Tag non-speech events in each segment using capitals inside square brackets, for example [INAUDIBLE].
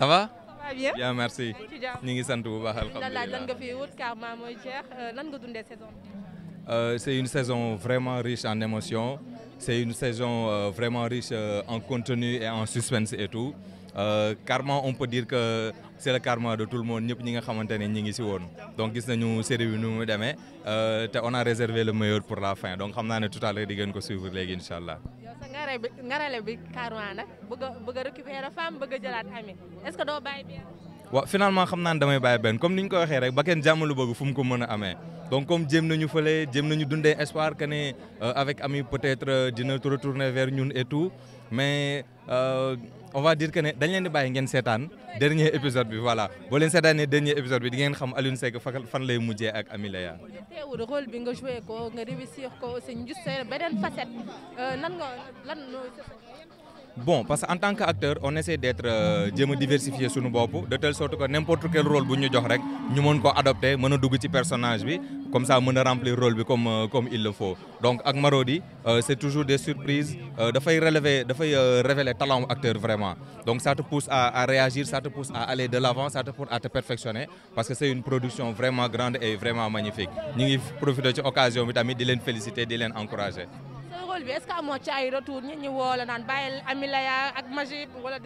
ça va. ça va bien bien merci. ñu ngi sant bu baax alhamdulilah lan nga fi wut car maa mooy Cheikh euh, lan nga dundee saison Euh, c'est une saison vraiment riche en émotions. C'est une saison euh, vraiment riche euh, en contenu et en suspense et tout. Euh, karma, on peut dire que c'est le karma de tout le monde. Nous savons que nous sommes Donc, nous série nous euh, te on a réservé le meilleur pour la fin. Donc, nous tout à l'heure nous suivre les Inch'Allah. Est-ce que tu as Finalement, je sais ko je vais Comme nous l'avons dit, je vais ko mën a de donc comme jéem nañu fële jéem nañu dundee espoir que ne euh, avec Ami peut-être euh, dina retourner vers ñun et tout mais euh, on va dire que ne dañ leen di bàyyi ngeen seetaan dernier épisode bi voilà boo leen seetaanee dernier épisode bi di ngeen xam Alioune Seck fan lay mujjee ak Amy Léa. teewul nga joué ko nga réussir ko aussi bon parce que en tant qu'acteur on essaie d'être euh, jéem a diversifier suñu bopp de telle sorte que n'importe quel rôle bu ñu jox rek ñu mën ko adopter mën a dugg ci personnage bi comme ça mën a remplir role bi comme euh, comme il le faut donc ak Marodi euh, c'est toujours des surprises dafay relever dafay révéler talent acteur vraiment donc ça te pousse à à réagir ça te pousse à aller de l'avant ça te pousse à te perfectionner parce que c'est une production vraiment grande et vraiment ngi profiter ci bi tamit di leen féliciter di leen encourager école bi est-ce que amoo ci ay retour ñu woo la naan bàyyil amilaya ak magie wala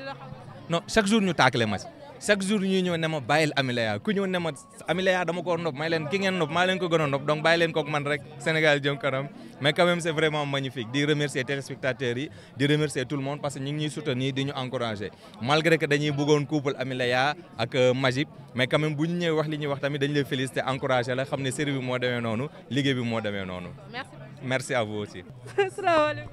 chaque jour ñu taakale ma chaque jour ñuy ñëw ne ma bàyyil amilaya ku ñëw ne ma amilaya dama ko nopp may leen ki ngeen nopp maa leen ko gën a nopp donc bàyyi leen kook man rek Sénégal jëm kanam mais quand même c'est vraiment magnifique di remercier téléspectateurs yi di remercier tout le monde parce que ñu ngi ñuy soutenir di ñu encourager malgré que dañuy bëggoon couple amilaya ak euh, Majib mais quand bu ñu ñëwee wax li ñuy wax tamit dañu lay féliciter la xam ne série bi moo demee noonu liggéey moo demee noonu merci à vous aussi. [LAUGHS] asalaamaaleykum.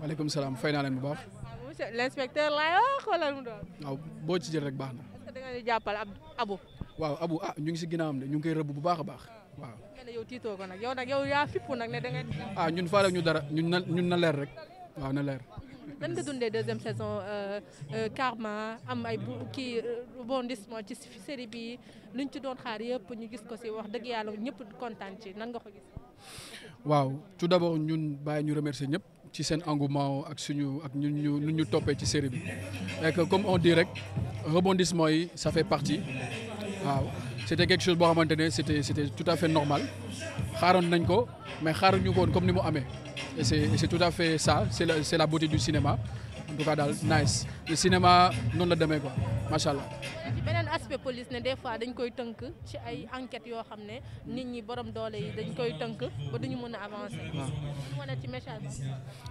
waaleykum salaam fay naa leen bu baax. waaw monsieur l'inspecteur laay wax wala mu doon. waaw boo ci jël rek baax na. est-ce que da jàppale Abou. waaw Abou ah ñu ngi si ginnaawam de ñu ngi koy rëbb bu baax a baax ah. waaw. kenn yow tiitoo ko nag yow nag yow yaa fippu nag ne da nga. ah ñun ñu dara ñun na ñun na leer rek waaw na leer. nan nga dundee deuxième saison euh, euh, Karma am ay kii euh, rebondissement ci série bi luñ ci doon xaar yëpp ñu gis ko si wax dëgg yàlla ñëpp kontaan ci nan nga waaw tout d'abord ñun bàyyi ñu remercier ñëpp ci seen engouement ak suñu ak ñun ñu ñu toppee ci série bi et que comme on dit rek rebondissement yi ça fait partie waaw c'était quelque chose boo xamante ne c'était c'était tout à fait normal xaaroon nañ ko mais xaaruñu ñu woon comme ni mu amee et c'est tout à fait ça c'est la c'est la beauté du cinéma en tout cas daal nice le cinéma noonu la demee ko macha allah. ci beneen aspect police ne des fois dañ koy tënk ci ay enquêtes yoo xam ne nit ñi borom doole yi dañ koy tënk ba duñu mën a avancer.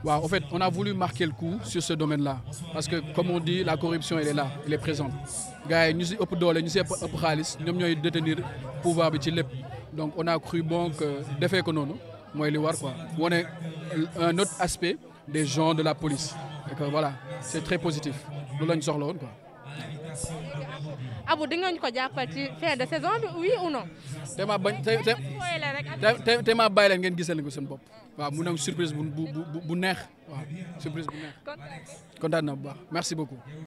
waaw en fait on a voulu marquer le coup sur ce domaine là parce que comme on dit la corruption elle est là elle est présente gars yi ñu si ëpp doole ñu si ëpp xaalis ñoom ñooy détenir pouvoir bi ci lépp donc on a cru bon que defee ko noonu mooy li war quoi wane un autre aspect des gens de la police. et voilà c'est très positif loolu la ñu soxla woon quoi. Abou di ngeen ko jàppal ci fin de saison bi oui ou non. te maa bañ te te te maa ngeen gisal ko seen bopp. waaw mu nekk surprise bu bu bu neex waaw surprise bu neex kontaan na bu baax merci beaucoup.